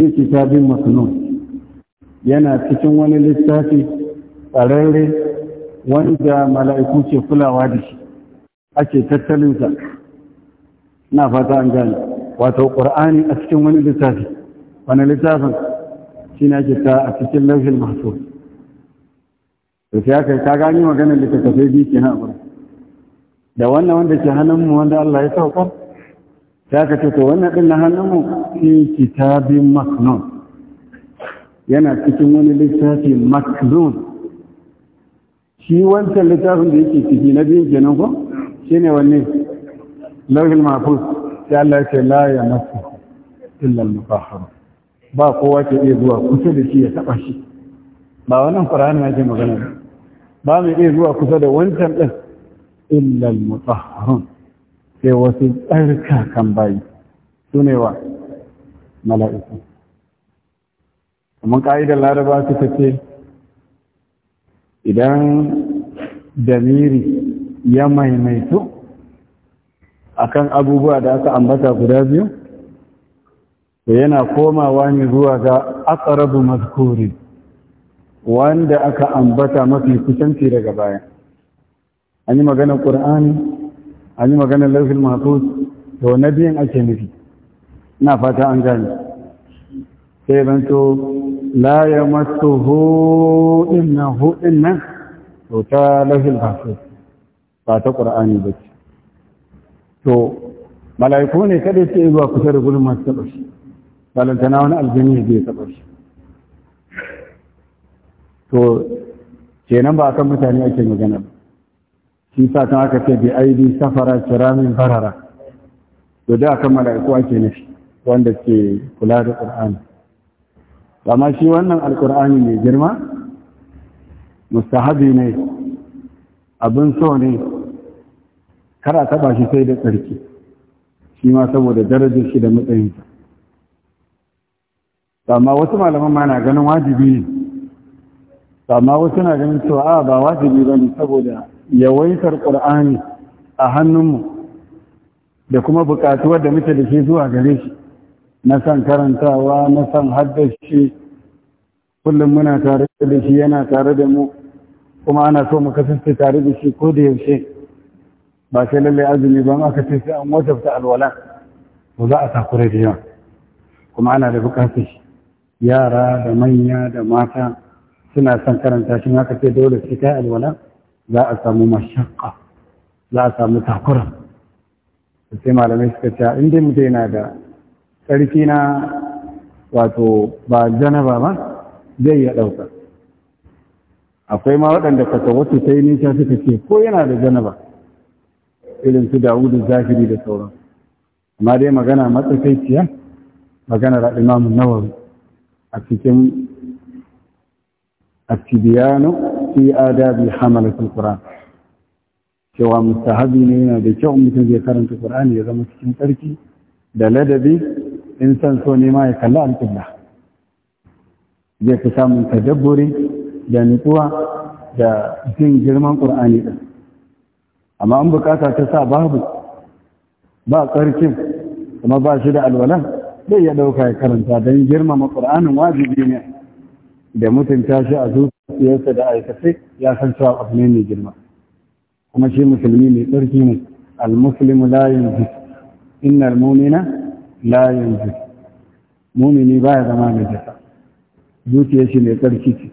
fi kitabin masnun yana cikin wani littafi tsararre wanda mala'iku ke kulawa da shi ake tattalinsa na fata an gane wato ƙur'ani a cikin wani littafi wani littafin shi na ke ta a cikin laushin masu da sai aka ta gani maganin littattafai biyu ke na da wannan wanda ke hannunmu wanda Allah ya saukar ta ka ce to wannan ɗin na hannunmu fi kitabin maknun yana cikin wani littafi maknun shi wancan littafin da yake ciki na biyu kenan ko shi ne wanne lauhin mafus ya Allah ce la ya masu illa al-mutahhar ba kowa ke iya zuwa kusa da shi ya taba shi ba wannan qur'ani yake magana ba mai iya zuwa kusa da wancan din illa al-mutahhar sai wasu kan bayi su ne wa mala'iku kamar ƙa'idar laraba suka ce idan damiri ya maimaitu akan abubuwa da aka ambata guda biyu to yana komawa ne zuwa ga akarabu maskuri wanda aka ambata mafi kusanci daga baya an yi maganar ƙur'ani an yi maganar laifin masu da wannan biyan ake nufi ina fata an gani. sai zan to la ya masu hudin na hudin nan to ta laifin masu ba ta ƙura'ani ba ce to mala'iku ne kada ce zuwa kusa da gudun masu taɓa shi balantana wani aljini zai taɓa shi to kenan ba a kan mutane ake magana ba shi sa kan aka ce bi aidi safara kiramin farara to da kan mala'iku ake nufi wanda ke kula da qur'ani amma shi wannan alqur'ani mai girma mustahabi ne abin so ne kar a taba shi sai da tsarki shi ma saboda darajar shi da matsayinsa amma wasu malaman ma na ganin wajibi ne amma wasu na ganin cewa a ba wajibi ba ne saboda yawaitar ƙur'ani a hannunmu da kuma buƙatuwar da muke da shi zuwa gare shi na san karantawa na san haddashi kullum muna tare da shi yana tare da mu kuma ana so mu kasance tare da shi ko da yaushe ba sai lallai azumi ba aka ce sai an wajabta alwala ko za a takura da yawa kuma ana da buƙatar shi yara da manya da mata suna son karanta shi haka ce dole sai kai alwala za a samu mashakka za a samu takura sai malamai suka ce in dai mutum yana da tsarki na wato ba janaba ba zai ya ɗauka akwai ma waɗanda kasa wasu ta yi nisa suka ce ko yana da janaba irin su dawudu zahiri da sauran amma dai magana matsakaiciya da imamun nawawi a cikin attibiyanu fi adabi hamalatul qur'an cewa mustahabi ne yana da kyau mutum zai karanta qur'ani ya zama cikin tsarki da ladabi in san so ne ma ya kalla alƙibla zai fi samun tadabburi da nutsuwa da jin girman qur'ani din amma an bukata ta sa babu ba tsarkin kuma ba shi da alwala zai ya ɗauka ya karanta don girmama ƙur'anin wajibi ne da mutunta shi a zuciya siyarsa da aikace ya san cewa abu ne mai girma kuma shi musulmi mai tsarki ne al-muslimu la yanzu innal mu'mina la yanzu mu'mini baya zama mai jasa zuciya shi mai tsarki ce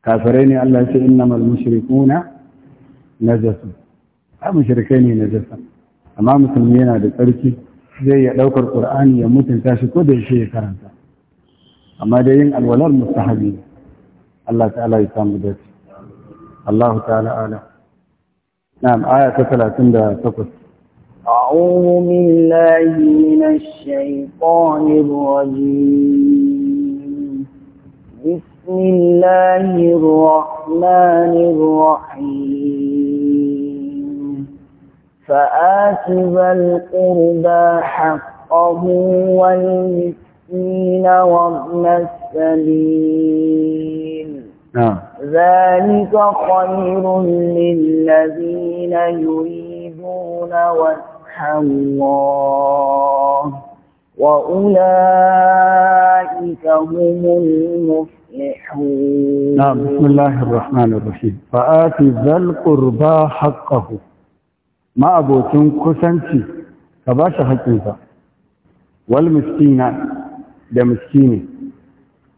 kafirai ne Allah ya ce innamal mushrikuna najasu a mushrikai ne najasa amma musulmi yana da tsarki zai ya ɗaukar ƙur'ani ya mutunta shi ko da yake ya karanta amma dai yin alwalar mustahabi ne الله تعالى ya samu الله تعالى أعلم نعم آية aya ta 38 أعوذ بالله من الشيطان الرجيم بسم الله الرحمن الرحيم فآت ذا القربى حقه والمسكين وابن السبيل نعم ذلك خير للذين يريدون وجه الله وأولئك هم المفلحون نعم بسم الله الرحمن الرحيم فآت ذا القربى حقه ما أبوتن كسنتي فباش حقنفا والمسكين ده مسكين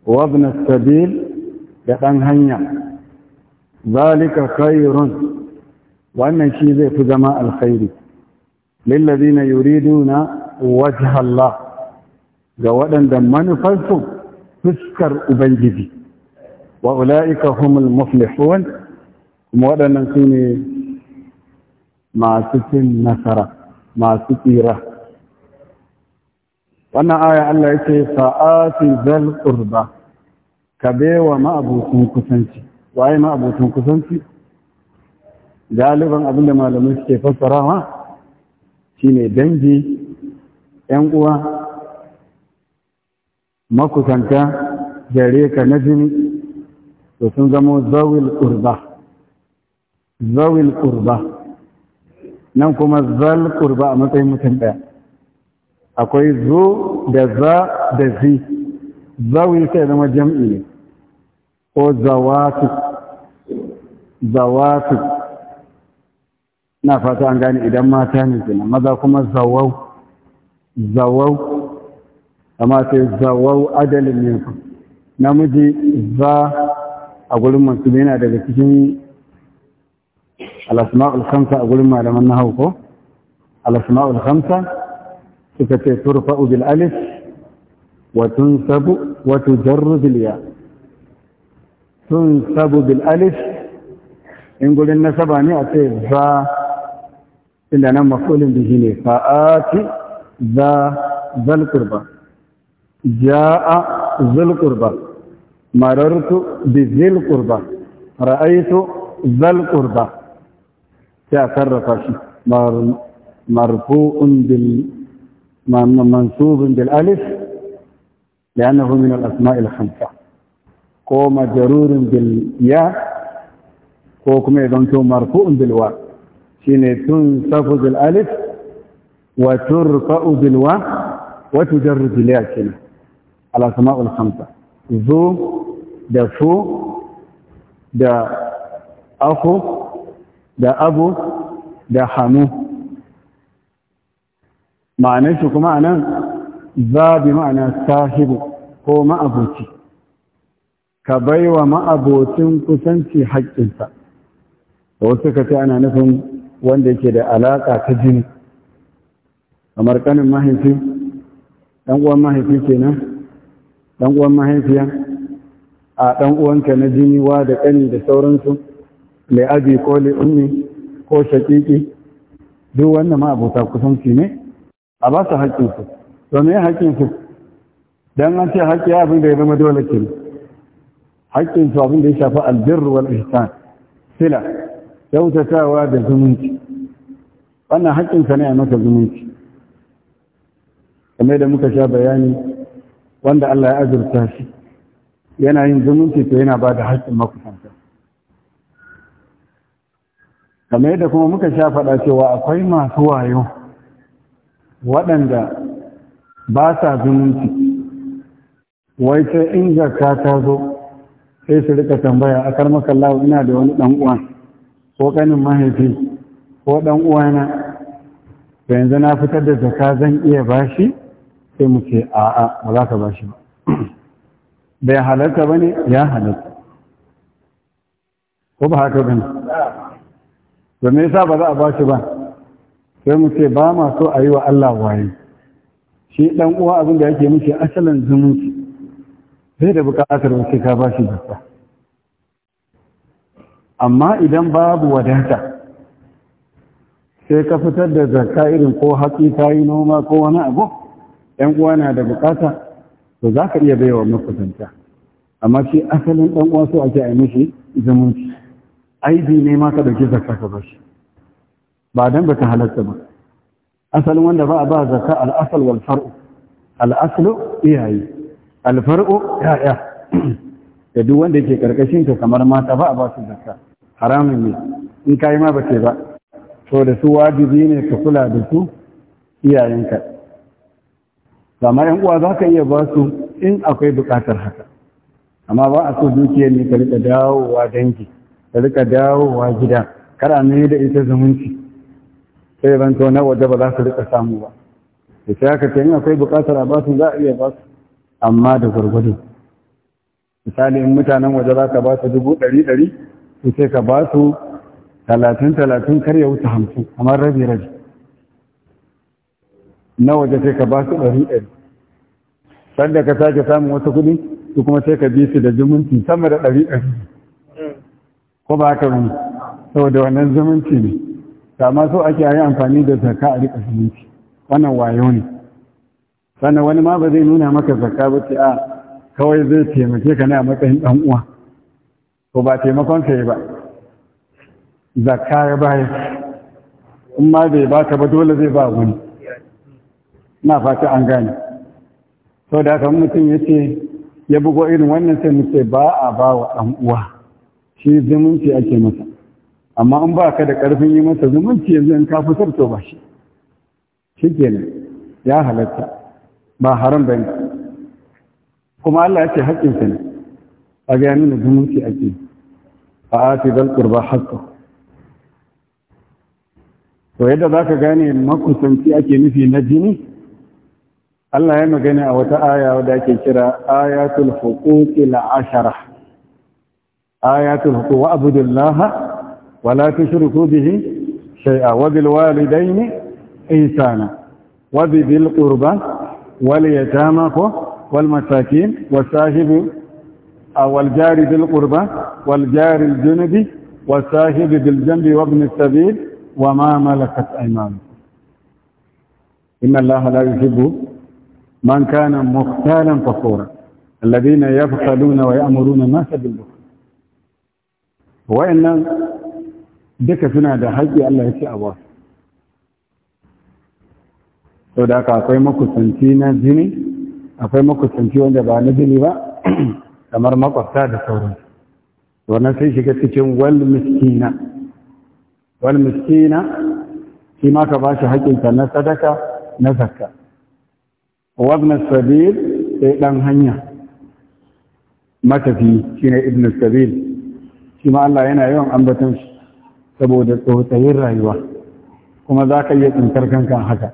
وابن السبيل da hanya zalika khairun wannan shi zai fi zama alkhairi lillazina yuriduna wajha Allah ga waɗanda manufarsu fuskar ubangiji wa ulaika humul muflihun kuma waɗannan su ne masu cin nasara masu tsira wannan aya Allah yake fa'ati zal qurba ka bewa ma'abutun kusanci waye ma'abutun kusanci galiban abinda malamai suke fassarawa shine dangi yan uwa makusanta gare ka na jini to sun zama zawil qurba zawil qurba nan kuma zal qurba a matsayin mutum daya akwai zo da za da zi zawi sai zama jam'i ne ko zawatu zawatu na fata an gani idan mata ne kenan maza kuma zawau zawau amma sai zawau adalin ne namiji za a gurin masu yana daga cikin al'asma'ul khamsa a gurin malaman na hauko al'asma'ul khamsa suka ce turfa'u bil alif وتنسب وتجر بالياء تنسب بالالف ان قلنا النسب ان ياتي ذا الا انا مفعول به لي فاتي ذا ذا القربى جاء ذو القربى مررت بذي القربى رايت ذا القربى تعرف شيء مرفوع بال منصوب بالالف لأنه من الأسماء الخمسة قوم جرور بالياء قوم إذنك مرفوع بالواء شين تنصف بالألف وترفع بالواء وتجر بالياء شين الأسماء الخمسة ذو ذا فو ذا أخو ذا أبو ذا حمو معنى شكو معنى ذا بمعنى صاحبه ko ma'aboci ka bai wa ma'abocin kusanci haƙƙinsa da wasu ka ce ana nufin wanda yake da alaƙa ta jini kamar ƙanin mahaifi ɗan uwan mahaifi kenan ɗan uwan mahaifiya a ɗan uwanka na jini wa da ƙani da sauransu li abi ko la'ummi ko shaƙiƙi duk wanda ma'abota kusanci ne a ba su haƙƙinsu domin haƙƙinsu dan an ce haƙƙi abin da ya zama dole ke haƙƙin su abin da ya shafi albir wal ihsan sila kyautatawa da zumunci wannan haƙƙin sa ne a maka zumunci kamar da muka sha bayani wanda Allah ya azurta shi yana yin zumunci to yana ba da haƙƙin makusanta kamar yadda kuma muka sha faɗa cewa akwai masu wayo waɗanda ba sa zumunci wai sai in zakka ta zo sai su rika tambaya a kar makallawa ina da wani ɗan'uwa ko ƙanin mahaifi ko ɗan'uwana uwana yanzu na fitar da zakka zan iya bashi sai mu ce a'a ba za ka bashi ba bai halatta ba ne ya halatta ko ba haka ba ne da me yasa ba za a bashi ba sai mu ce ba ma so a yi wa Allah waye shi dan uwa abin da yake muke asalin zumunci bai da bukatar wace ka ba shi amma idan babu wadata sai ka fitar da zarka irin ko haƙi ta yi noma ko wani abu ‘yan uwa na da bukata to za ka iya baiwa makusanta amma shi asalin ɗan uwa so ake a mishi zumunci aibi ne ma ka dauki zarka ka bashi ba dan ba ta halatta ba asalin wanda ba a ba zarka al-asal wal far'u al-aslu iyaye alfar'u ya'ya da duk wanda yake karkashin ka kamar mata ba a ba su zakka haramun ne in ka yi ma ba ce ba to da su wajibi ne ka kula da su iyayenka amma yan uwa za ka iya ba su in akwai bukatar haka amma ba a so dukiyar ne ka rika dawowa dangi ka rika dawowa gida kar ne da ita zumunci sai ban to na waje ba za su rika samu ba da shi haka ta in akwai bukatar a ba za a iya ba su amma da gwargwado misali in mutanen waje za ka ba su dubu ɗari ɗari su sai ka ba su talatin talatin kar ya wuce hamsin kamar rabi rabi na waje sai ka ba su ɗari ɗari sanda ka sake samun wasu kuɗi su kuma sai ka bi su da zumunci sama da ɗari ɗari ko ba haka ba saboda wannan zumunci ne amma so ake yi amfani da zaka a riƙa zumunci wannan wayo ne sannan wani ma ba zai nuna maka zakka ba ce a ah, kawai zai taimake ka ne a matsayin ɗan uwa to ba taimakon ka yi ba zakka ya baya in ma bai baka ba dole zai ba wani na fata an gane sau da haka mutum ya ce ya bugo irin wannan sai mu ba a ba wa ɗan uwa shi zumunci ake masa amma in ba ka da ƙarfin yi masa zumunci yanzu in ka fitar to ba shi shi kenan ya halatta ba haram ba ne kuma Allah ya ce haƙƙinsa ne a ga nuna zumunci ake a ati dal qurba haqqo to yadda za ka gane makusanci ake nufi na jini Allah ya magana a wata aya wadda ake kira ayatul huquqil ashara ayatul huquq wa abudullaha wa la tushriku bihi shay'a wa bil walidayni ihsana wa bil qurba واليتامى والمساكين والساهب أو الجار ذي القربى والجار الجنب والساهب بالجنب وابن السبيل وما ملكت أيمانكم إن الله لا يحب من كان مختالا فخورا الذين يبخلون ويأمرون الناس بالبخل وإن دك سنة حج الله يشاء واسع sau da aka akwai makusanci na jini akwai makusanci wanda ba na jini ba kamar makwabta da sauran wannan sai shiga cikin walmiskina. Walmiskina, shi ma ka ba shi haƙinka na sadaka na zakka wabna sabil sai ɗan hanya matafi shi ne ibn sabil shi ma Allah yana yawan ambatan shi saboda tsohon rayuwa kuma za ka iya tsintar kankan haka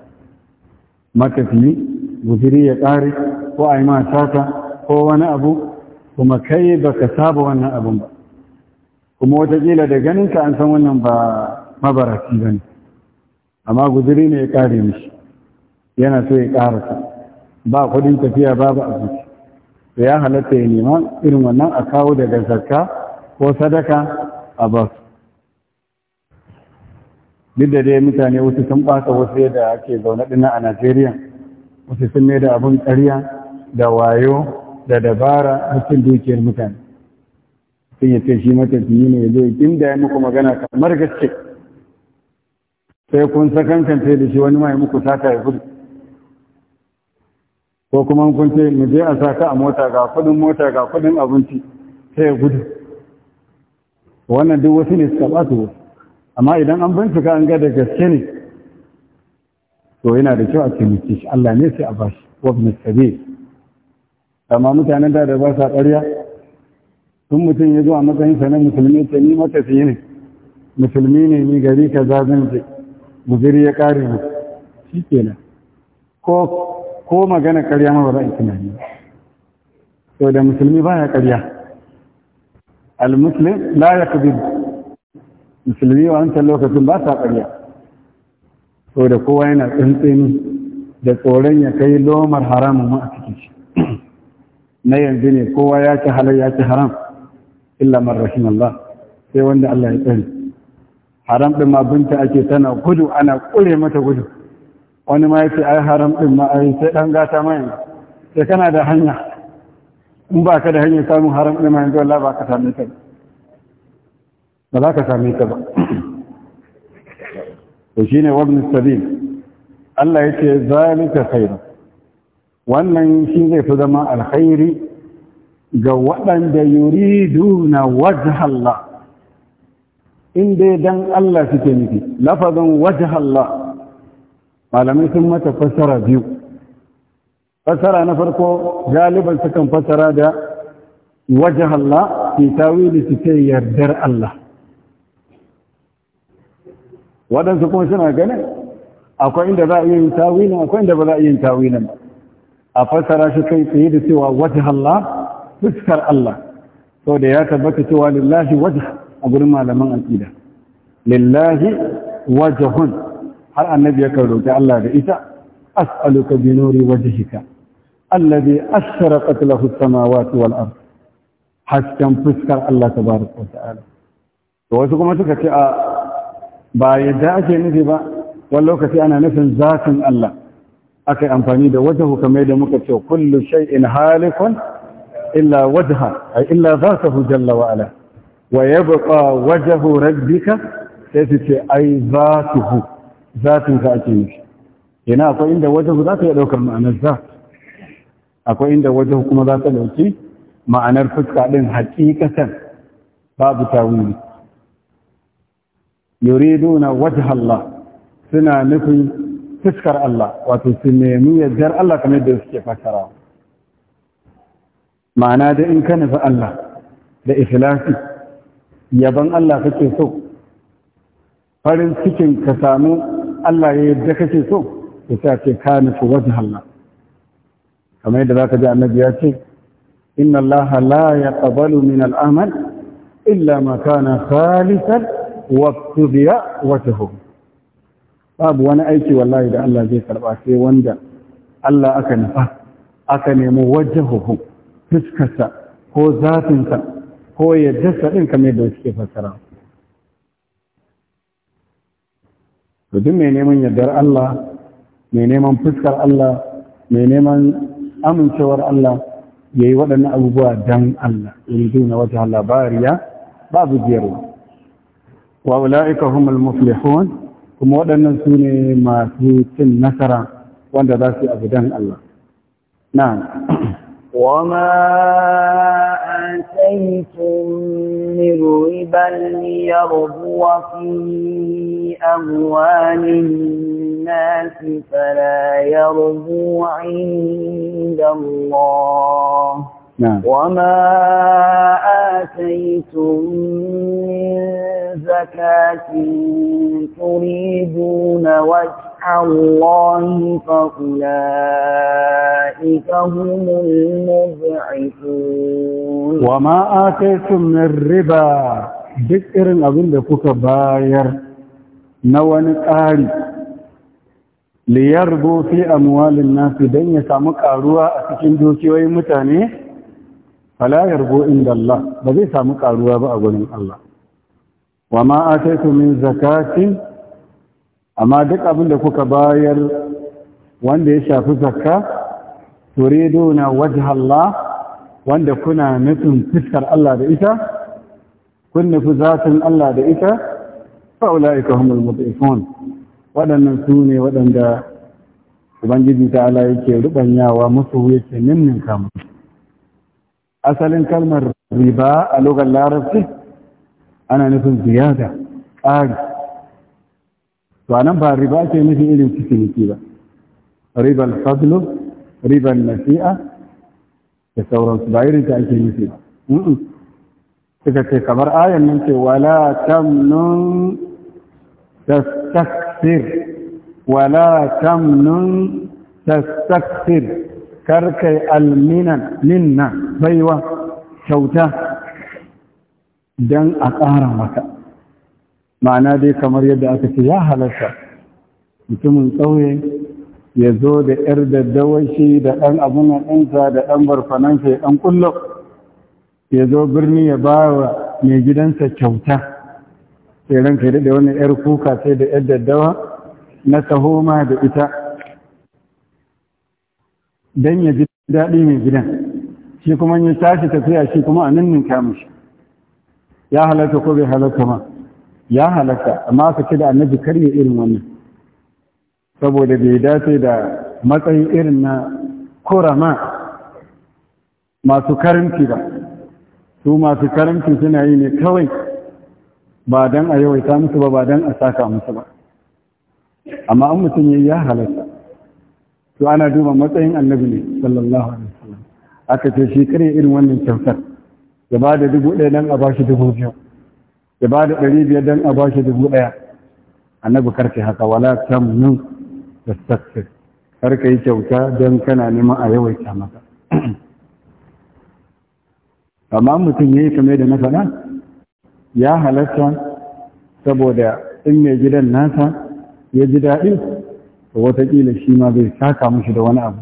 matafiyi guziri ya ƙare ko a yi sata ko wani abu kuma kai baka saba wannan abun ba kuma watakila da ganinka an san wannan ba mabaraki ba ne amma guziri ne ya ƙare mishi yana so ya ƙarasa ba kudin tafiya babu abinci da ya halatta ya nema irin wannan a kawo daga zakka ko sadaka a basu duk da dai mutane wasu sun ɓata wasu yadda ake zaune ɗina a najeriya wasu sun mai da abin ƙarya da wayo da dabara a cikin dukiyar mutane sun yi tashi shi matafiyi ne zai inda ya muku magana kamar gaske sai kun kanta da shi wani mai muku sata ya gudu ko kuma kun ce mu je a saka a mota ga kudin mota ga kudin abinci sai ya gudu wannan duk wasu ne suka ɓata wasu amma idan an bincika an ga da gaske ne to yana da kyau a taimake shi Allah ne sai a bashi wabin sabi amma mutanen da da ba sa ƙarya tun mutum ya zo a matsayin sa na musulmi ta ni matafiyi ne musulmi ne ni gari ka zan ce guziri ya kare mu shi kenan ko ko magana ƙarya ma ba za a tunani to da musulmi ba ya ƙarya al-muslim la yaqbid musulmi wancan lokacin ba sa ƙarya da kowa yana tsintsini da tsoron ya kai lomar haramun ma a cikin shi na yanzu ne kowa ya ci halar ya ci haram illa man rahim Allah sai wanda Allah ya tsani haram ɗin ma binta ake tana gudu ana ƙure mata gudu wani ma yace ai haram ɗin ma ai sai ɗan gata ma sai kana da hanya in ba ka da hanyar samun haram ɗin ma yanzu Allah ba ka same ta ba za ka same ta ba to shine wabn sabin. Allah yace zalika khairu wannan shi zai fi zama alkhairi ga waɗanda yuriduna na Allah in dai dan Allah suke nufi lafazin wajha malamai sun mata fassara biyu fassara na farko galiban sukan fassara da wajha Allah fi tawili su ce yardar Allah waɗansu kuma suna ganin akwai inda za a yi tawilin akwai inda ba za a yi tawilin a fassara shi kai tsaye da cewa wata halla fuskar Allah sau da ya tabbata cewa lillahi wata a gurin malaman al'ida lillahi hun har annabi ya roƙi Allah da ita as'aluka bi nuri wajhika alladhi ashraqat lahu as-samawati wal ard hasken fuskar Allah tabaraka wa ta'ala to wasu kuma suka ce a ba yadda ake nufi ba wani lokaci ana nufin zafin Allah aka amfani da wata hukamai da muka ce shai in halikon illa wajha ay illa zatahu jalla wa ya wa yabqa wajhu rabbika sai su ce ai za su zatuhu zatin ka ake nufi ina akwai inda wajhu za ta ɗaukar ma'anar za? akwai inda wajhu kuma za ta dauki ma'anar fuska din hakikatan babu tawili yuriduna wajha Allah suna nufin fuskar Allah wato su nemi yardar Allah kamar da suke fasara ma'ana da in ka nufi Allah da ikhlasi yabon Allah kake so farin cikin ka samu Allah ya yadda kake so ya sa ce ka nufi wajha Allah kamar yadda zaka ji annabi ya ce inna Allah la yaqbalu min al-amal illa ma kana khalisan waqtiya wajhu babu wani aiki wallahi da Allah zai karba sai wanda Allah aka nufa aka nemi wajhuhu fuskarsa ko zafinsa ko yaddarsa din kamar yadda suke fassara to duk mai neman yardar Allah mai neman fuskar Allah mai neman amincewar Allah yayi yi waɗannan abubuwa dan Allah, yanzu na wata labariya babu jiyarwa. واولئك هم المفلحون كما ودن سوني ما في تن نصر وان ذا في ابدان الله نعم وما آتيتم من ربا ليربو في أموال الناس فلا يربو عند الله نعم. وما آتيتم من زكاة تريدون وجه الله فأولئك هم المضعفون وما آتيتم من ربا ذكر ƙari. لكوك باير نوان قاري liyarbo fi don ya samu karuwa a cikin dukiyoyin mutane fala yarbo inda Allah ba zai samu ƙaruwa ba a gurin Allah wa ma ataitu min zakatin amma duk abin da kuka bayar wanda ya shafi zakka turiduna wajha Allah wanda kuna nufin fiskar Allah da ita kun nufi zatin Allah da ita fa'ulaika humul mut'ifun waɗannan su ne waɗanda ubangiji ta Allah yake rubanyawa musu yake ninninka musu asalin kalmar riba a lokacin larabci ana nufin ziyada ƙari to nan ba riba ce nufin irin cikiniki ba ribar fadlo ribar nasi'a da sauransu ba irin ta ake nufi ba suka ce kamar ayan nan ce wala tamnun tastakfir wala tamnun tastakfir karkai alminan minna baiwa kyauta Dan a ƙara maka ma'ana dai kamar yadda aka ce ya halarta mutumin ƙauye ya zo da ‘yar daddawashi da ɗan abin ɗinsa da ɗan barfanansa ya ɗan ƙullo ya zo birni ya ba wa mai gidansa kyauta sai kai da wani ƴar kuka sai da ƴar daddawa na tahoma da ita don ya ji daɗi mai gidan shi kuma ya tashi tafiya shi kuma a nan ninka ya halarta, ko bai halarta ma ya halarta, amma aka ce da annabi kar ya irin wannan saboda bai dace da matsayin irin na kurama masu karanci ba su masu karanci suna yi ne kawai ba don a yawaita musu ba ba don a saka musu ba amma an mutum ya ya halatta to ana duba matsayin annabi ne sallallahu alaihi wasallam aka ce shi kare irin wannan kyautar ya ba da dubu ɗaya don a ba shi dubu biyu ya ba da ɗari biyar don a ba shi dubu ɗaya annabi karka haka wala kam nun tastakfir karka yi kyauta don kana neman a yawaita maka amma mutum ya yi kame da na faɗa ya halatta saboda in mai gidan nasa ya ji daɗi watakila shi ma zai saka mushi da wani abu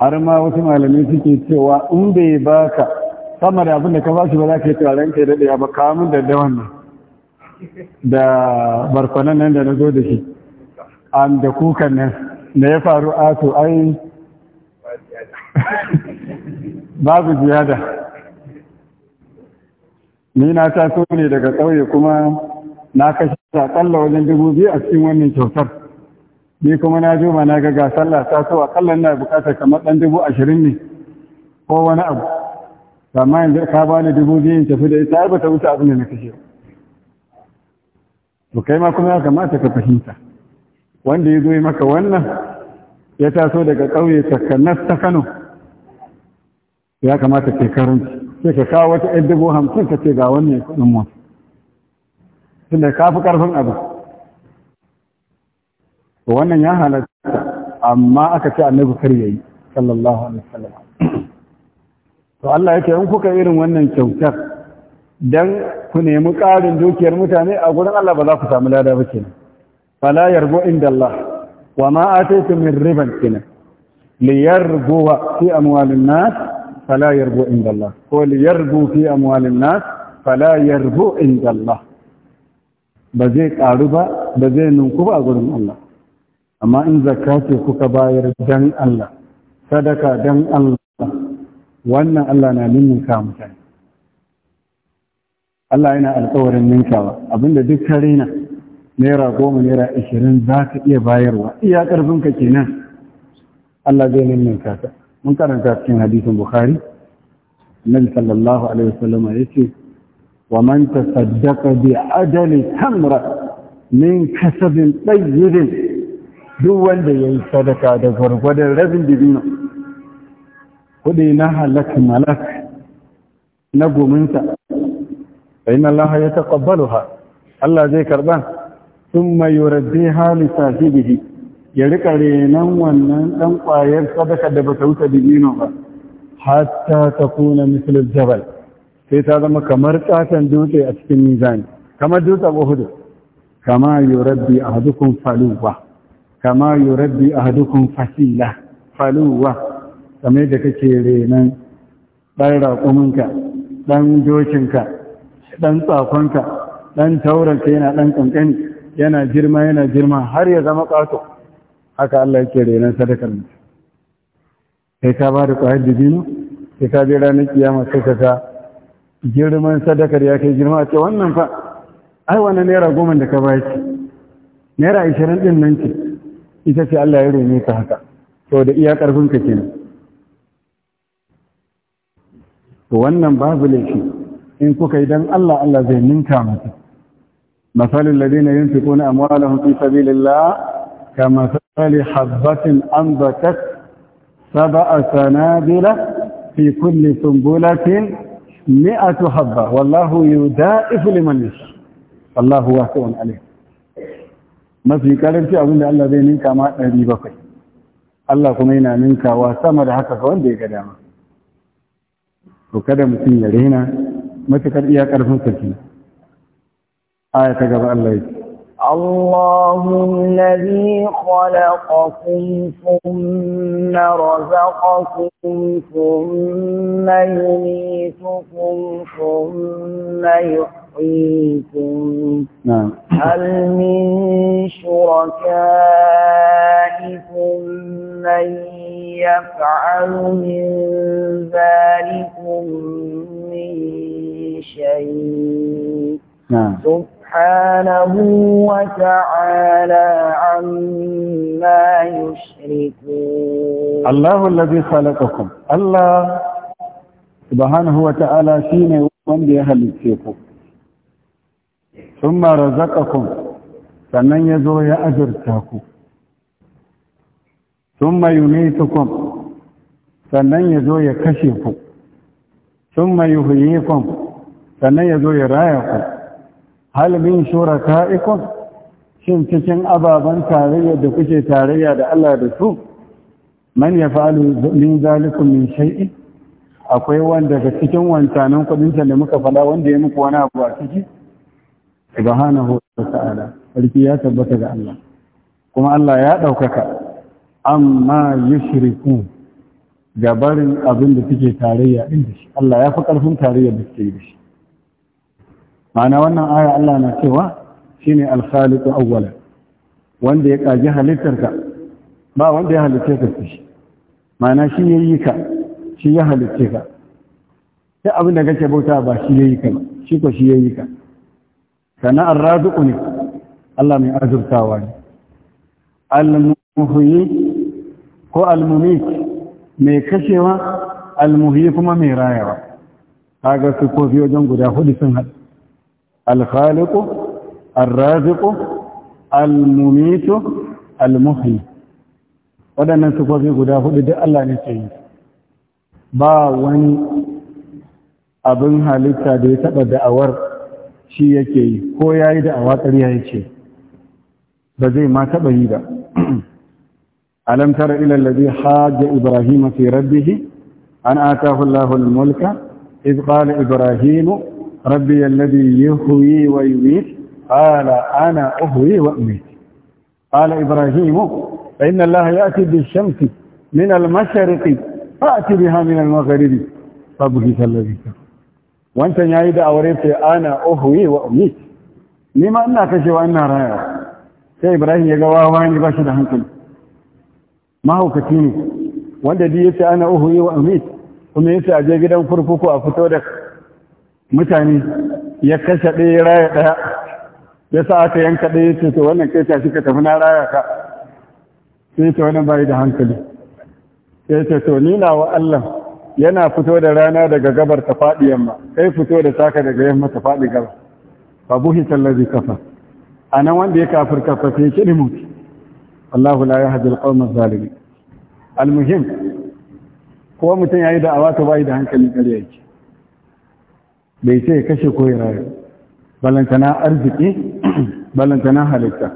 har ma wasu malamai suke cewa in bai baka sama da abin da ka bashi ba za ka yi turaren ke daɗe ba kamun da dawan nan da barkwanan nan da na zo da shi an da kukan nan da ya faru A ah, to ai babu ziyada ni na taso ne daga ƙauye kuma na kashe akalla wajen dubu biyu a cikin wannan kyautar ni kuma na juma na ga gasar sallah ta so akalla na bukatar kamar ɗan dubu ashirin ne ko wani abu amma yanzu ka bani dubu biyu tafi da ita ba ta wuce abin da na kashe to kai ma kuma ya kamata ka fahimta wanda ya zo yi maka wannan ya taso daga ƙauye takanas ta Kano ya kamata ke karanci sai ka kawo wata ɗan dubu hamsin ka ce ga wannan ya kuɗin mota tunda ka fi ƙarfin abu to wannan ya halatta amma aka ce annabi kar yayi sallallahu alaihi wasallam to Allah yake in kuka irin wannan kyautar dan ku nemi ƙarin dukiyar mutane a gurin Allah ba za ku samu lada ba kenan fala yarbu inda Allah wa ma ataytu min riban kenan li yarbu fi amwalin nas fala yarbu inda ko li yarbu fi amwalin nas fala yarbu inda ba zai ƙaru ba ba zai nunku ba a gurin Allah amma in zakka ce kuka bayar dan Allah sadaka dan Allah wannan Allah na ninninka mutane Allah yana alkawarin ninkawa abinda duk ka rena naira goma naira ashirin za ka iya bayarwa iya ƙarfinka kenan Allah zai ninninka ka mun karanta cikin hadisin Bukhari annabi sallallahu alaihi wasallam ya ce wa man tasaddaqa bi adali tamra min kasabin tayyibin duk wanda ya yi sadaka da gwargwadon rabin dibino kudi na halak malak na gominsa bayan Allah ya taƙabbalu ha Allah zai karɓa sun mai yoradde fi gidi. ya rika renon wannan ɗan ƙwayar sadaka da ba ta wuce ba hatta ta kuna misalin jabal sai ta zama kamar tsatan dutse a cikin mizani kamar dutse a uhudu kama yoradde a hadukun faluwa kama a hadukun fasila faluwa kamar da kake renan ɗan raƙuminka ɗan jokinka ɗan tsakonka ɗan taurarka, yana ɗan ƙanƙani yana girma yana girma har ya zama ƙato haka Allah yake renan sadakar mutu Sai ka ba da ƙwayar dibino sai ka je ranar kiyama sai ka ga girman sadakar ya kai girma a ce wannan fa ai wannan naira goma da ka ba shi naira ashirin ɗin nan ce ita ce Allah ya rene ta haka sau da iya karfin ka to wannan babu laifi in kuka yi dan Allah Allah zai ninka mata masalul ladina yunfiquna amwalahum fi sabilillah kama sali habatin anbatat sab'a sanabila fi kulli sunbulatin mi'atu habba wallahu yudaifu liman yasha wallahu wasi'un alim mafi karanci da Allah zai ninka ma ɗari bakwai Allah kuma yana ninkawa sama da haka ga wanda ya ga dama to kada mutum ya rena matukar iya ƙarfin sarki aya ta gaba Allah ya ce الله الذي خلقكم ثم رزقكم ثم يميتكم ثم يحييكم يعطيكم نعم هل من شركائكم من يفعل من ذلكم من شيء نعم سبحانه وتعالى عما يشركون الله الذي خلقكم الله سبحانه وتعالى فينا وندي ne wanda sun razaqakum sannan ya zo ya azurta ku sun mayunitukum sannan ya zo ya kashe ku sun mayuhuyikum sannan ya zo ya raya ku halbin shuraka'ikum shin cikin ababen tarayya da kuke tarayya da Allah da su man ya fa'alu min zalikun min shay'in akwai wanda daga cikin wancanin kudinsa da muka faɗa wanda ya muku wani abu a ciki subhanahu wa ta'ala sarki ya tabbata ga Allah kuma Allah ya ɗaukaka amma yushriku ga barin abin da suke tarayya din da shi Allah ya fi ƙarfin tarayya da suke da shi ma'ana wannan aya Allah na cewa shi ne khaliqu awwalan wanda ya kaji halittarka ba wanda ya halitta ka shi ma'ana shi ya yi ka shi ya halitta ka sai abin da kake bauta ba shi ya yi ka ba shi ko shi ya yi ka sana'ar radu'u ne Allah mai azurtawa ne al ko al mai kashewa almuhi kuma mai rayawa kaga su kofi wajen guda hudu sun haɗu alkhaliku khaliqu almumitu almuhi waɗannan su kofi guda hudu duk Allah ne ke yi ba wani abin halitta da ya taɓa da'awar shi yake yi ko ya yi da awatsar ya ce ba zai ma taɓa yi ba alam tara ilal ladhi haja ibrahim fi rabbih an ataahu allah al almulka iz qala ibrahim rabbi alladhi yuhyi wa yumiit qala ana uhyi wa umiit qala ibrahim fa inna allah ya'ti bish-shamsi min al-mashriqi fa'ti biha min al-maghribi fabhita alladhi kafara wancan yi da aure sai ana uhwi wa umit ni ma kashe kashewa ina raya sai ibrahim ya ga wawa ne ba shi da hankali mahaukaci ne wanda dai yace ana uhwi wa umit kuma yace a je gidan kurkuku a fito da mutane ya kashe ɗaya raya ɗaya ya sa aka yanka ɗaya ya ce to wannan kai tashi ka tafi na raya ka sai to wani bai da hankali sai ce to ni na wa Allah yana fito da rana daga gabar ta faɗi yamma sai fito da saka daga yamma ta faɗi gaba fa buhi sallazi kafa anan wanda ya kafir kafa sai kidi mutu Allahu la yahdi alqawma qawm az-zalimin al-muhim ko mutum yayi da awata bai da hankali kare yake bai sai kashe ko yara balantana arziki balantana halitta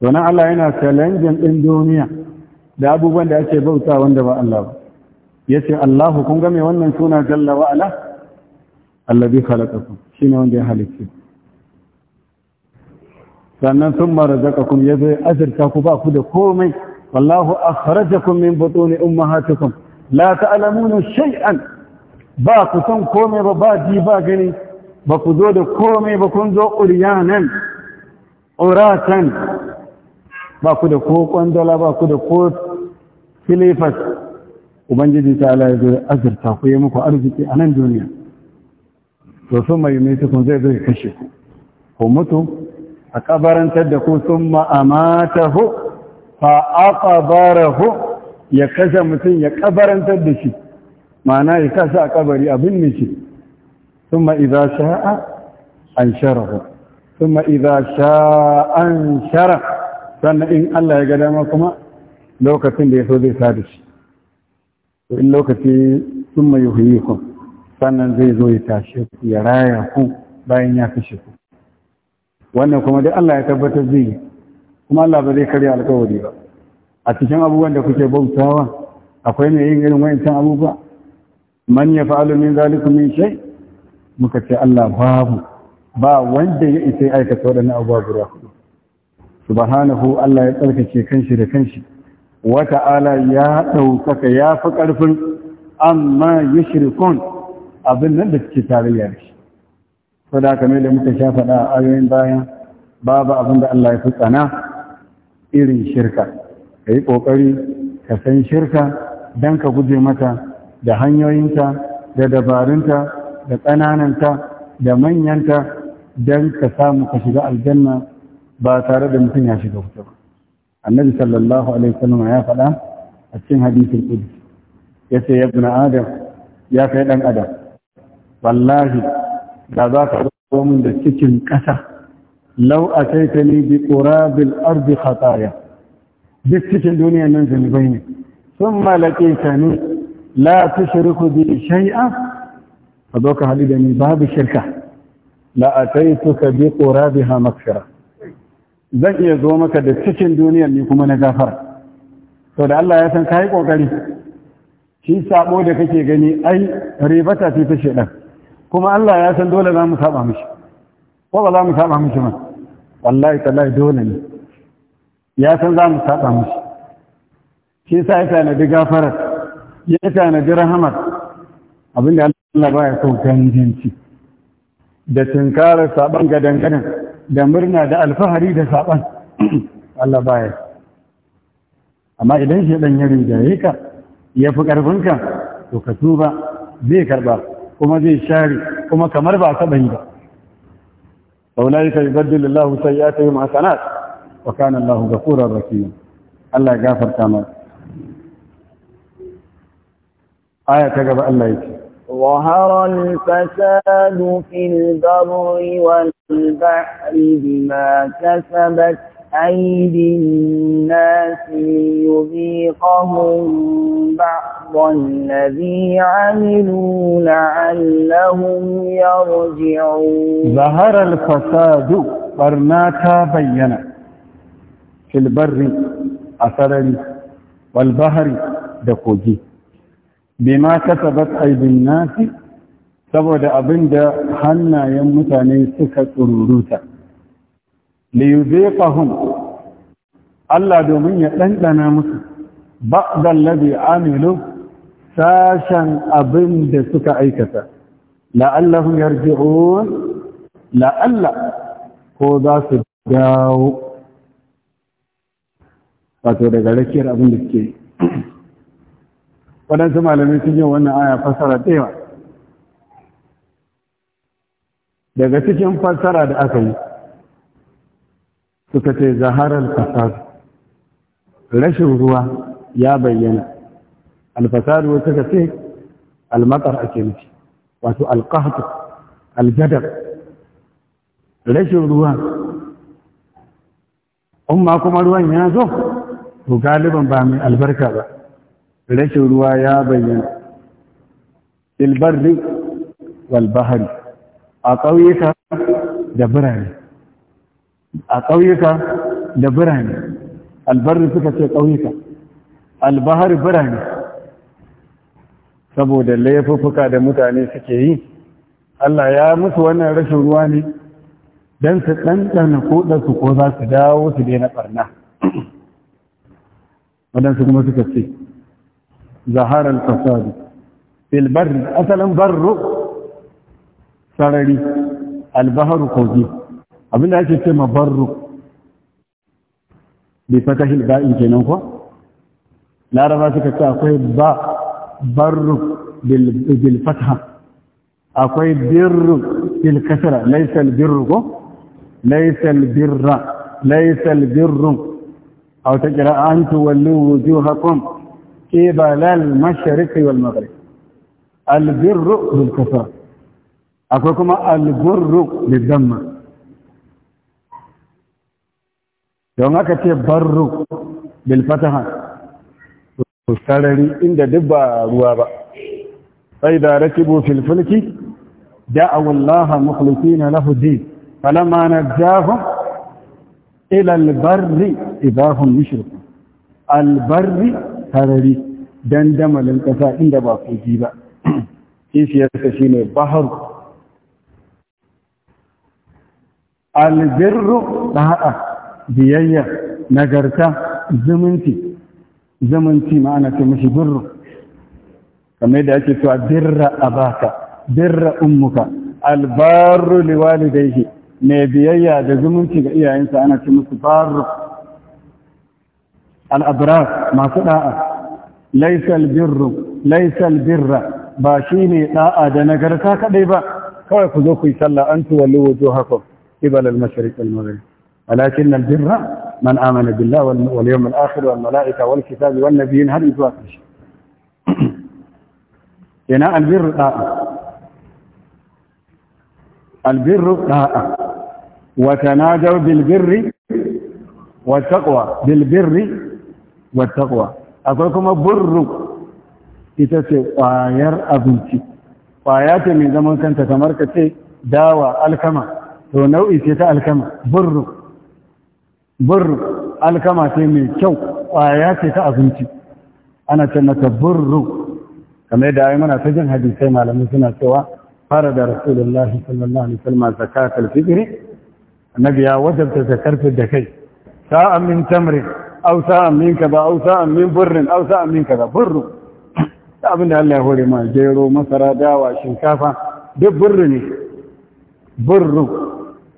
to Allah yana challenge din duniya da abubuwan da ake bauta wanda ba Allah ba yace Allahu kun ga me wannan suna jalla wa ala allazi khalaqakum shine wanda ya halicce sannan sun mara kun ya zai azirta ku ba ku da komai wallahu akhrajakum min butuni ummahatikum la ta'lamuna shay'an ba ku san komai ba ba ji ba gani ba ku zo da komai ba kun zo uryanan uratan ba ku da ko kwandala ba ku da ko filifas ubangiji ta ala ya zo ya azurta ku yi muku arziki a nan duniya to sun mai mai tukun zai kashe ku ku mutu a kabarantar da ku sun ma'amata hu fa aqabara hu ya kashe mutum ya kabarantar da shi ma'ana ya kasa a kabari abin ne shi sun ma idza an sharahu sun ma idza an shara sannan in Allah ya ga dama kuma lokacin da ya so zai sa da shi in lokaci sun mai ku sannan zai zo ya tashe ku ya raya ku bayan ya kashe ku wannan kuma dai Allah ya tabbatar zai yi. kuma Allah ba zai karya alkawari ba a cikin abubuwan da kuke bautawa akwai mai yin irin wayancan abubuwa man ya fa'alu min zalikum min shay muka ce Allah babu ba wanda ya isa aikata waɗannan abubuwa guda subhanahu Allah ya tsarkake kanshi da kanshi wata'ala ala ya ɗaukaka ya fi ƙarfin amma ya shirkun abin nan da suke tarayya da shi so da haka da muka sha faɗa a ayoyin bayan babu abin da Allah ya fi tsana irin shirka ka yi ƙoƙari ka san shirka don ka guje mata da hanyoyinta da dabarunta da ƙanananta da manyanta don ka samu ka shiga aljanna ba tare da mutum ya shiga wuta ba annabi sallallahu alaihi wasallam ya faɗa a cikin hadisin Ya yace ya ibn adam ya kai dan adam wallahi da za ka zo min da cikin ƙasa law ni bi qurabil ard khataya duk cikin duniya nan zunubai ne thumma laqitani la tushriku bi shay'a fa zo ka haɗu da ni babu shirka la ka bi qurabiha makshara zan iya zo maka da cikin duniyar ni kuma na gafara to da Allah ya san kai kokari shi sabo da kake gani ai ribata ce ta shedan kuma Allah ya san dole za mu saba mishi ko ba za mu saba mishi ma wallahi tallahi dole ne ya san za mu saba mishi shi sa ya bi gafarar ya tanadi rahamar abinda Allah ba ya so ganganci da tunkarar saban gadan gadan da murna da alfahari da saɓan. Allah baya amma idan shi ɗan yari da ya yi ka, ya fi karfin ka to ka tuba zai karɓa. kuma zai share kuma kamar ba ka yi ba fa wala yaka yubaddilu Allah sayyatihi hasanat wa kana Allah ghafurur rahim Allah ya gafarta mana aya ta gaba Allah ya ce. ظهر الفساد في البر والبحر بما كسبت أيدي الناس ليذيقهم بعض الذي عملوا لعلهم يرجعون ظهر الفساد برناتا بينا في البر أثرا والبحر دكوجي bima kasabat aibin nasi saboda abin da hannayen mutane suka tsururuta liyuzeqahum Allah domin ya ɗanɗana musu ba'dal ladhi amilu sashen abin da suka aikata la'allahum yarji'un la'alla ko za su dawo wato daga rakiyar abin da suke waɗansu malamai sun yi wannan aya fassara ɗaya daga cikin fassara da aka yi suka ce zaharar fasad rashin ruwa ya bayyana alfasad wata suka ce almatar ake nufi wato alkahatu aljadar rashin ruwa umma kuma ruwan ya zo to galiban ba mai albarka ba rashin ruwa ya bayyana ilbarri walbahari a ƙauyuka da birane a ƙauyuka da birane albarri suka ce ƙauyuka albahari birane saboda laifuka da mutane suke yi Allah ya musu wannan rashin ruwa ne don su ɗanɗana koɗarsu ko za su dawo su daina ɓarna waɗansu kuma suka ce zahara al-fasad fil barru sarari al-bahru kogi abinda ake ce ma barru bi fatahil kenan ko laraba suka ce akwai ba barru bil fatha akwai birru bil kasra laysa al ko laysa قبل المشرق والمغرب البر بالكسر akwai kuma alburru da damma don haka ce barru bilfataha su sarari inda duk ba ruwa ba sai da rakibu filfilki da'awun laha makulki na lahudi falama na jahun ilalbarri idahun mishirku albarri sarari don damalin ƙasa inda ba kogi ba kishiyarsa shi ne baharu albirru ɗa'a biyayya nagarta zumunci zumunci ma'ana ce mashi birru kamar yadda ake cewa birra baka birra ummuka albarru liwalidaihi mai biyayya da zumunci ga iyayensa ana ce musu barru الأبرار ما سداء ليس البر ليس البر باشيني لا آدى نقرتا كذبا كويك ذوكي صلى أنت ولو وجوهكم قبل المشرق المغرب ولكن البر من آمن بالله واليوم الآخر والملائكة والكتاب والنبيين هل يتواك هنا البر لا البر لا وتناجوا بالبر والتقوى بالبر wattaqwa akwai kuma burru ita ce ƙwayar abinci ƙwaya ce mai zaman kanta kamar ka ce dawa alkama to nau'i ce ta alkama burru burru alkama ce mai kyau ƙwaya ce ta abinci ana ce mata burru kamar da ayi mana ta jin hadisai malamai suna cewa fara da rasulullahi sallallahu alaihi wasallam zakatul fitri annabi ya wajabta zakar da kai sa'an min tamrin aw sa'an min kaza aw sa'an min burrin aw sa'an min kaza burru abin da Allah ya hore ma gero masara dawa shinkafa duk burru ne burru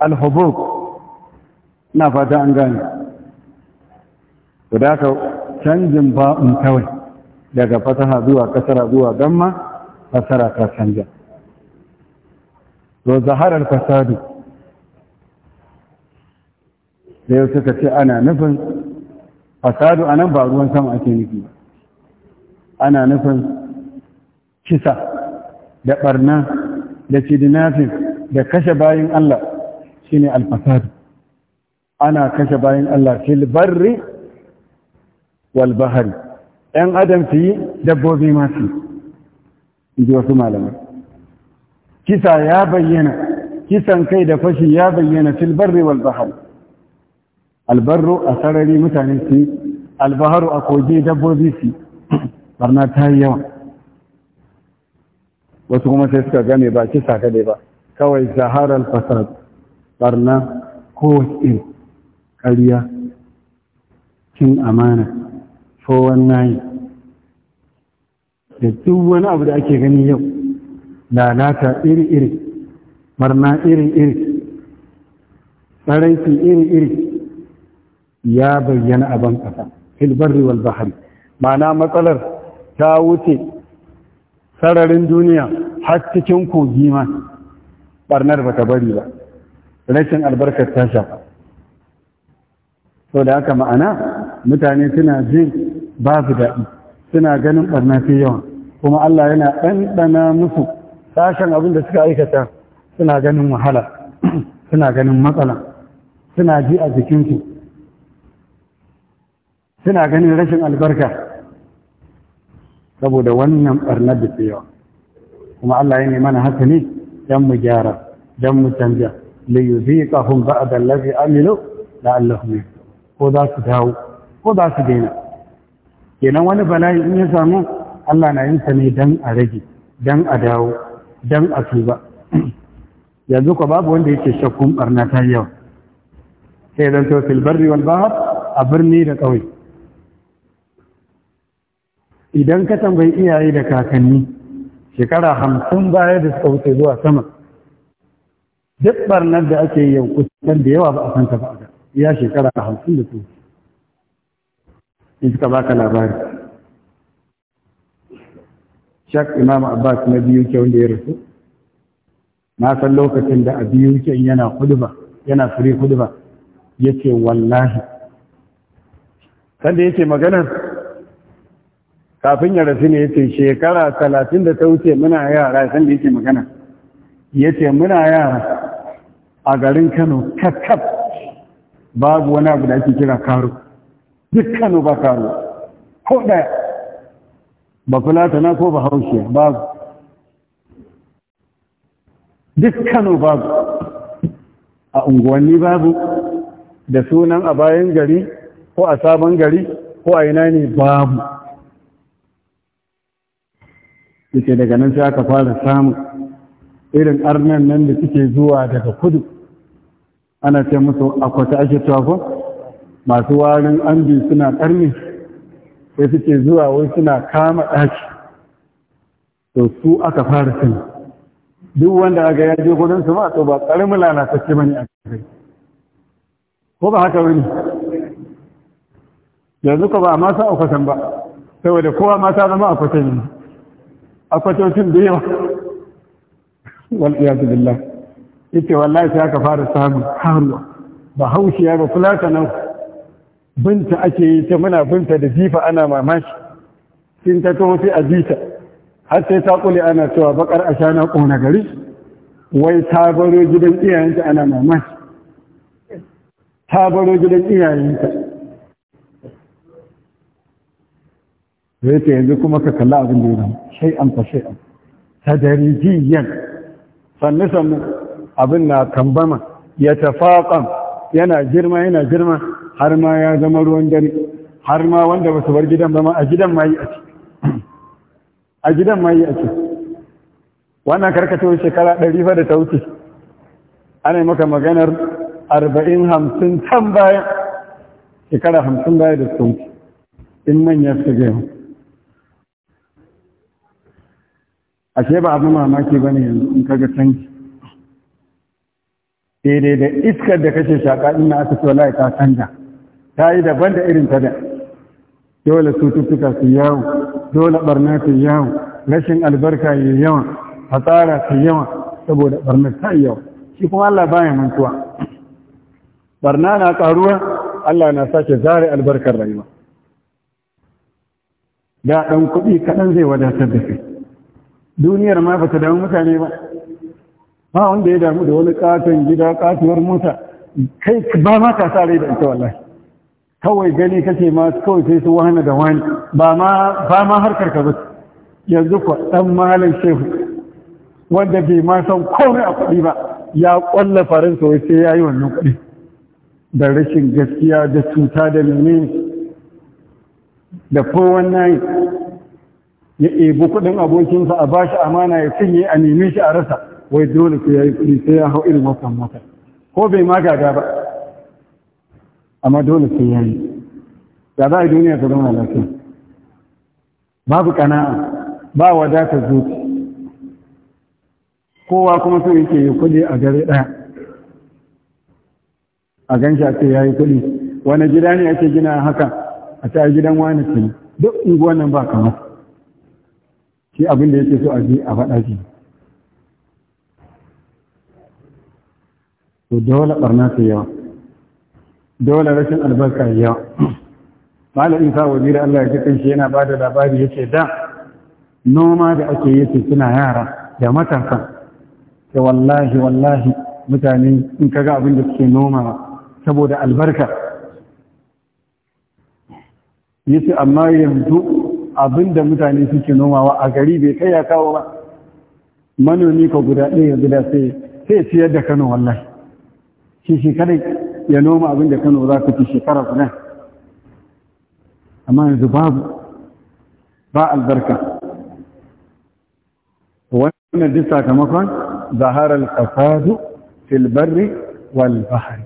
alhubub na fata an gane Guda ka canjin ba'un kawai daga fasaha zuwa kasara zuwa gamma fasara ka canja to zaharar fasadu da yau suka ce ana nufin fasadu anan ba ruwan sama ake nufi ba ana nufin kisa da barna da cidinafin da kashe bayan Allah shine alfasadu ana kashe bayan Allah fil barri wal bahari ɗan adam su yi dabbobi masu inji wasu malamai kisa ya bayyana kisan kai da fashi ya bayyana fil barri wal bahari albarro a sarari mutane su albaharu a koge dabbobi su barna ta yi yawa wasu kuma sai suka game ba ci saka dai ba kawai zaharar fasad barna kowace ƙarya cin amana 419 da duk wani abu da ake gani yau lalata iri-iri barna iri-iri tsaraiki iri-iri ya bayyana a ban ƙasa wal bahari ma'ana matsalar ta wuce sararin duniya har cikin kogi ma barnar ba ta bari ba rashin albarkar ta shafa sau da haka ma'ana mutane suna jin babu daɗi suna ganin barna fi yawan kuma Allah yana ɗanɗana musu sashen abin da suka aikata suna ganin wahala suna ganin matsala suna ji a jikinsu suna ganin rashin albarka saboda wannan barnar da yawa kuma Allah ya mana haka ne don mu gyara don mu canja a yuziqahum amilo da Allah ne ko za su dawo ko za su daina kenan wani bala'i in ya samu Allah na yin sa ne a rage don a dawo don a tuba yanzu ko babu wanda yake shakkun barna ta yau sai don to fil riwal ba a birni da ƙauye idan ka tambayi iyaye da kakanni shekara hamsin baya da suka wuce zuwa sama duk barnar da ake yau kusan da yawa ba a santa ba ga iya shekara hamsin da su in suka baka labari shak imam abbas na biyu ke wanda ya rasu na san lokacin da a biyu ke yana huduba yana firi huduba ya ce wallahi sanda ce maganar kafin ya rasu ne ya ce shekara talatin da ta wuce muna yara san da yake magana ce muna yara a garin Kano kakkaf babu wani abu da ake kira karo duk Kano ba karo ko ɗaya ba fulatana na ko ba haushe babu duk Kano babu a unguwanni babu da sunan a bayan gari ko a sabon gari ko a ina ne babu yake daga nan sai aka fara samun irin arnan nan da suke zuwa daga kudu ana ce musu akwata ake cewa masu warin ambi suna karni sai suke zuwa wai suna kama ɗaki to su aka fara sani duk wanda aka yaje gudun su ma to ba ƙaramin lalatacce ba ne a kai ko ba haka wani yanzu ko ba a masa akwatan ba saboda kowa mata zama akwatan yanzu akwatocin da yawa wal'iyatu Ita yace wallahi ya ka fara samun haruwa ba ya ba kula ta nan binta ake yi ta muna binta da jifa ana mamaki sun ta taho sai a jita har sai ta kule ana cewa bakar a sha na ƙona gari wai ta baro gidan iyayenta ana mamaki ta baro gidan iyayenta sai yake yanzu kuma ka kalla abin da yana an fa shay'an tadarijiyan sannu sannu abin na kambama ya tafaqan yana girma yana girma har ma ya zama ruwan dare har ma wanda ba su bar gidan ba ma a gidan ma yi a ce a gidan ma yi a ce wannan karkatowar shekara ɗari fa da ta wuce ana yi maka maganar arba'in hamsin can baya shekara hamsin baya da sun in manya su gaya ashe ba abin mamaki ba ne yanzu in kaga canji daidai da iskar da kake shaƙa ina aka ce wallahi ta canja ta yi daban da irin ta da dole cututtuka su yawo dole barna su yawo rashin albarka ya yawa hasara su yawa saboda barna ta yawa shi kuma Allah baya mantuwa barna na ƙaruwa Allah na sake zare albarkar rayuwa da ɗan kuɗi kaɗan zai wadatar da kai duniyar ma ba ta damu mutane ba ba wanda ya damu da wani katon gida katuwar mota kai ba ma ka sa rai da ita wallahi kawai gani kake ma kawai sai su wahana da wani ba ma harkar ka ba yanzu kwa dan malam shehu wanda bai ma san komai a kuɗi ba ya ƙwalla farin sau sai ya yi wannan kuɗi da rashin gaskiya da cuta da menene da 419 ya ebi kuɗin abokinsa a bashi amana ya cinye a nemi shi a rasa wai dole ku yayi kuɗi sai ya hau irin wasan mata ko bai ma gada ba amma dole sai yayi ya za a duniya ta zama lafiya babu kana'a ba wadatar zuci kowa kuma so yake yi kudi a gare ɗaya a gan shi a ce ya yi kuɗi wani gida ne ake gina haka a ta gidan wani ce duk unguwan nan ba kamar shi abin da yake so a je a faɗa shi to dole barna ta yawa dole rashin albarka yawa malamin sa wazira Allah ya ji shi yana ba da labari yake da noma da ake yi suna yara da matasa da wallahi wallahi mutane in kaga abin da suke noma saboda albarka yace amma yanzu abin da mutane suke nomawa a gari bai kai ya kawo ba manomi ka guda ɗaya guda sai sai siyar da kano wallahi shi shekarar ya noma abin da kano za ka ci shekara guda amma yanzu babu ba albarka wannan duk sakamakon zaharar kasadu filbarri wal bahari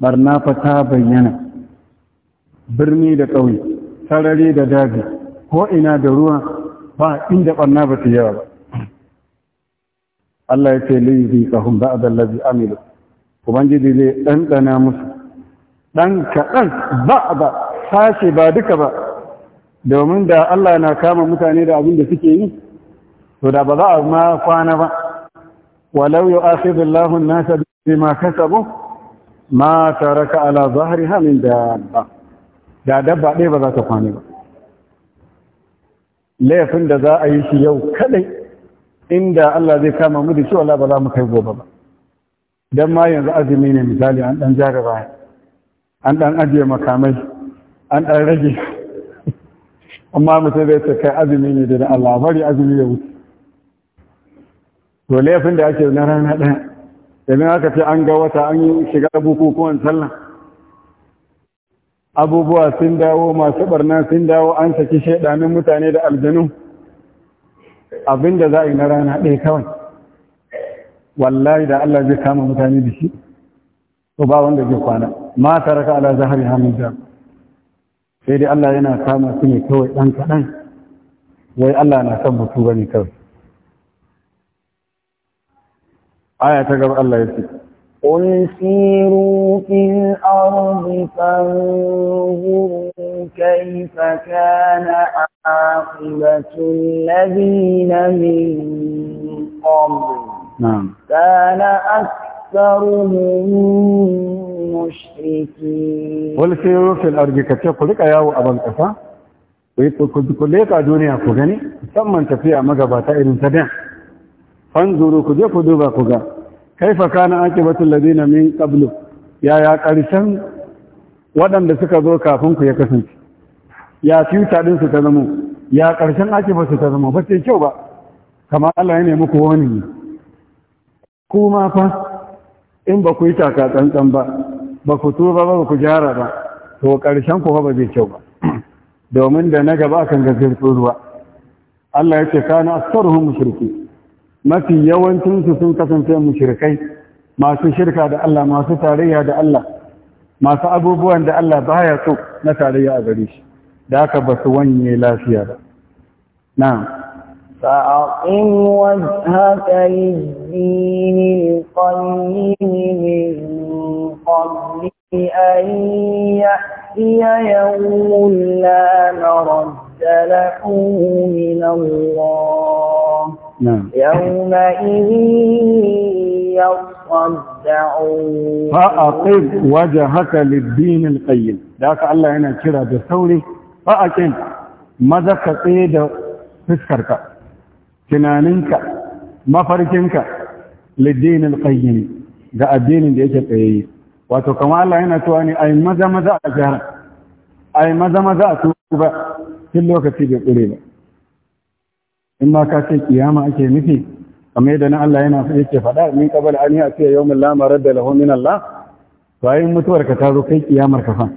barna fa ta bayyana birni da ƙauye sarari da dadi. ko ina da ruwa ba inda ɓanna ba su yawa ba Allah ya ce laifi ƙahun ba a dallazi amilu ubangiji zai ɗanɗana musu ɗan kaɗan ba ba sashe ba duka ba domin da Allah na kama mutane da abin da suke yi to da ba za a ma kwana ba walau yau akhidullahu nasa bima kasabu ma taraka ala hamin da ba. da dabba ɗaya ba za ta kwana ba laifin da za a yi shi yau kadai inda Allah zai kama mu da shi wala ba za mu kai gobe ba dan ma yanzu azumi ne misali an dan jaraba an dan ajiye makamai an dan rage amma mutum zai ce kai azumi ne da Allah bari azumi ya wuce to laifin da ake na rana ɗaya domin haka ce an ga wata an yi shiga bukukuwan sallah abubuwa sun dawo masu barna sun dawo an saki shaidanin mutane da aljanu abinda za a yi na rana ɗaya kawai wallahi da Allah zai kama mutane da shi to ba wanda zai kwana ma raka ala zahari jam sai dai Allah yana kama su ne kawai ɗan kaɗan wai Allah na son mutu ba ne kawai aya gaba Allah ya ce قل سيروا الأرض فانظروا كيف كان عاقبة الذين من قبل نعم كان أكثرهم مشركين والسير في الأرض كتير قلت يا أبا الأسا kulle ka duniya ku gani musamman tafiya magabata irin ta da fanzuru ku je ku duba ku ga kaifa yaya ƙarshen waɗanda suka zo kafin ku ya kasance ya fiyuta ɗinsu ta zama ya ƙarshen ake ba su ta zama ba ce kyau ba kamar Allah ya nemi ku wani kuma fa in ba ku yi taka tsantsan ba ba ku tuba ba ba ku gyara ba to ƙarshen ku ba zai kyau ba domin da na gaba kan gazir ruwa Allah ya ce kana asfaruhum mushriki mafi yawancinsu sun kasance mushrikai masu shirka da Allah masu tarayya da Allah masu abubuwan da Allah ba ya so na tarayya a gare shi da haka ba su wanye lafiya ba na'am فأقم وجهك للدين القيم من قبل أن يأتي يوم لا مرد له من الله يومئذ Fa’aƙin wajen haka libinin ƙayyar, da aka Allah yana kira da sauri, fa’aƙin maza ka tsaye da fuskarka, tunaninka, mafarkinka, libinin ƙayyar ga addinin da yake tsayayye. Wato, kama Allah yana tuwa ne, ai maza maza a jihar, ai maza maza a tuku ba, lokaci da ƙure ba. In ba ka ce, ƙiyama ake nufi, kamar yadda na Allah yana yake faɗa min qabal an ya yau min lamar? da lahu min Allah bayan mutuwar ka ta zo kai kiyamar ka fa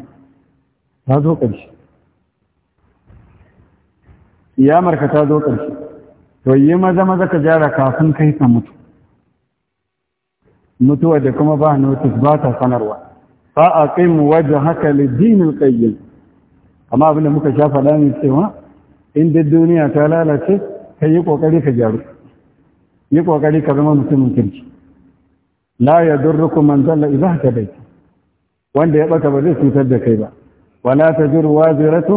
ta zo ƙarshe kiyamar ka ta zo ƙarshe to yi maza maza ka jara kafin kai ka mutu mutuwa da kuma ba notice ba ta sanarwa fa kai mu wajen haka al-qayyim amma abin da muka sha faɗa ne cewa in duk duniya ta lalace kai yi kokari ka gyaru yi kokari ka zama mutumin kirki la yadurrukum man zalla idha tadayt wanda ya baka ba zai cutar da kai ba wala tajiru waziratu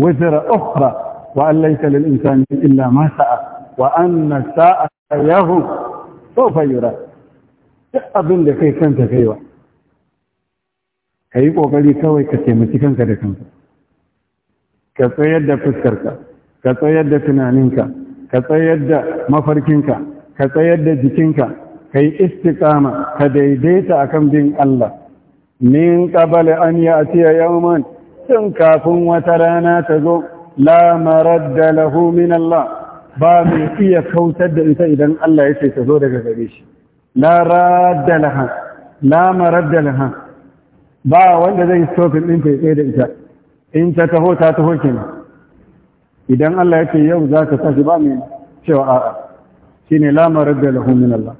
wizra ukhra wa an lil insani illa ma sa'a wa anna sa'a yahu sawfa yura abin da kai kanta wa kai kokari kawai ka taimaki kanka da kanka ka tsayar da fuskarka ka tsayar da tunaninka ka tsayar da mafarkinka ka tsayar da jikinka ka yi istikama ka daidaita a kan bin Allah min qabala an yi a ya'tiya yawman tun kafin wata rana ta zo la maradda lahu min Allah ba mai iya kautar da ita idan Allah ya ce ta zo daga gare shi la radda laha la ba wanda zai stopin din fai da ita in ta taho ta taho kenan idan Allah ya ce yau za ka tashi ba mai cewa a'a shine la maradda lahu min Allah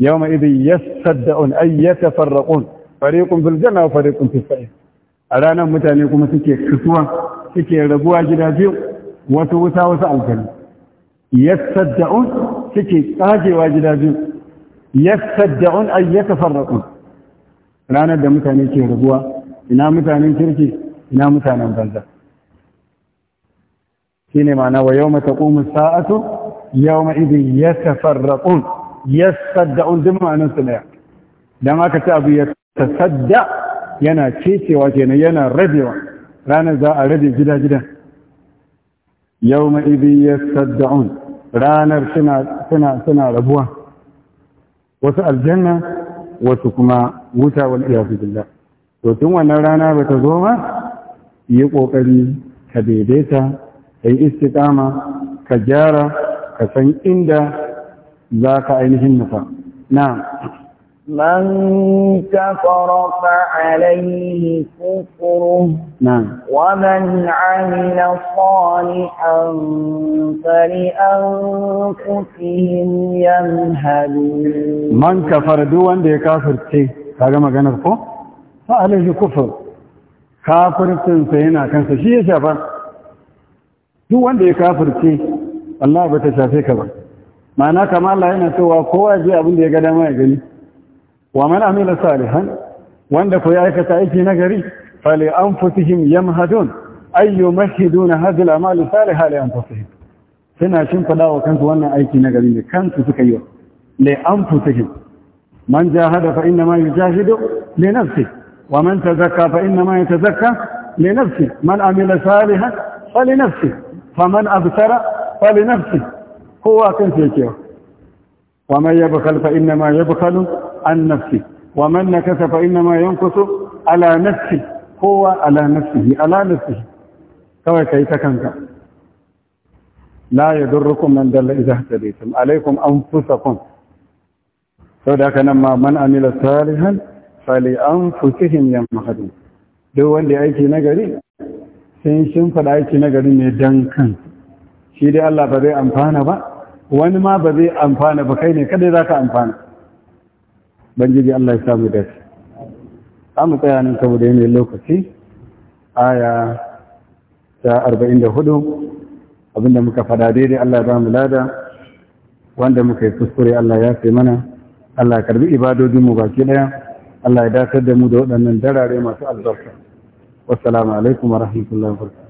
yawma idhin yasadda'un ay yatafarraqun fariqun fil janna wa fariqun fis sa'ir a ranar mutane kuma suke kasuwa suke rabuwa gida biyu wasu wuta wasu aljanna yasadda'un suke tsagewa gida biyu yasadda'un ay yatafarraqun ranar da mutane ke rabuwa ina mutanen kirki ina mutanen banza shine ma'ana wa yawma taqumu as-sa'atu yawma idin yatafarraqun yasadda'un duk ma'anar su daya dan aka ce abu ya tasadda yana cecewa kenan yana rabewa ranar za a rabe gida gida yawma idin saddaun ranar suna rabuwa wasu aljanna wasu kuma wuta wal iyazu billah to tun wannan rana ba ta zo ba yi ƙoƙari, ka daidaita yi istiqama ka gyara ka san inda za ka ainihin nufa na Man kafara fa alayhi kufru nan wa man amila an fali anfusihim yanhadu man kafara duk wanda ya kafirce ga maganar ko fa alayhi kufru kafircin sa yana kansa shi ya shafa duk wanda ya kafirce Allah ba ta shafe ka ba ma'ana kama Allah yana cewa kowa ji abin da ya ga dama ya gani wa man amila salihan wanda ku ya aikata aiki na gari fali anfusihim yamhadun ay yumahiduna hadhihi al-a'mal salihah li anfusihim suna shin fada wa kansu wannan aiki na gari ne kansu suka yi li anfusihim man jahada fa inna ma yujahidu li nafsihi wa man tazakka fa inna ma yatazakka li nafsihi man amila salihan fali nafsihi faman abtara fali nafsi kowa kan shi yake wa man yabkhal fa inna ma yabkhalu an nafsi wa man nakasa fa inna ma yankusu ala nafsi kowa ala nafsihi ala nafsihi kawai ka yi ta kanka la yadurrukum man dalla idha hadaytum alaykum anfusakum saboda da nan ma man amila salihan fali anfusihim yamhadun duk wanda aiki nagari sun shin fada aiki nagari ne dan kansu shi dai Allah ba zai amfana ba wani ma ba zai amfana ba kai ne kadai za ka amfana banjiji Allah ya samu da shi za mu tsaya nan saboda yanayin lokaci aya ta arba'in da hudu abinda muka fada daidai Allah ba mu lada wanda muka yi kuskure Allah ya fi mana Allah karbi ibadodin mu baki daya Allah ya dakatar da mu da waɗannan darare masu albarka wassalamu alaikum wa rahmatullahi wa barakatuh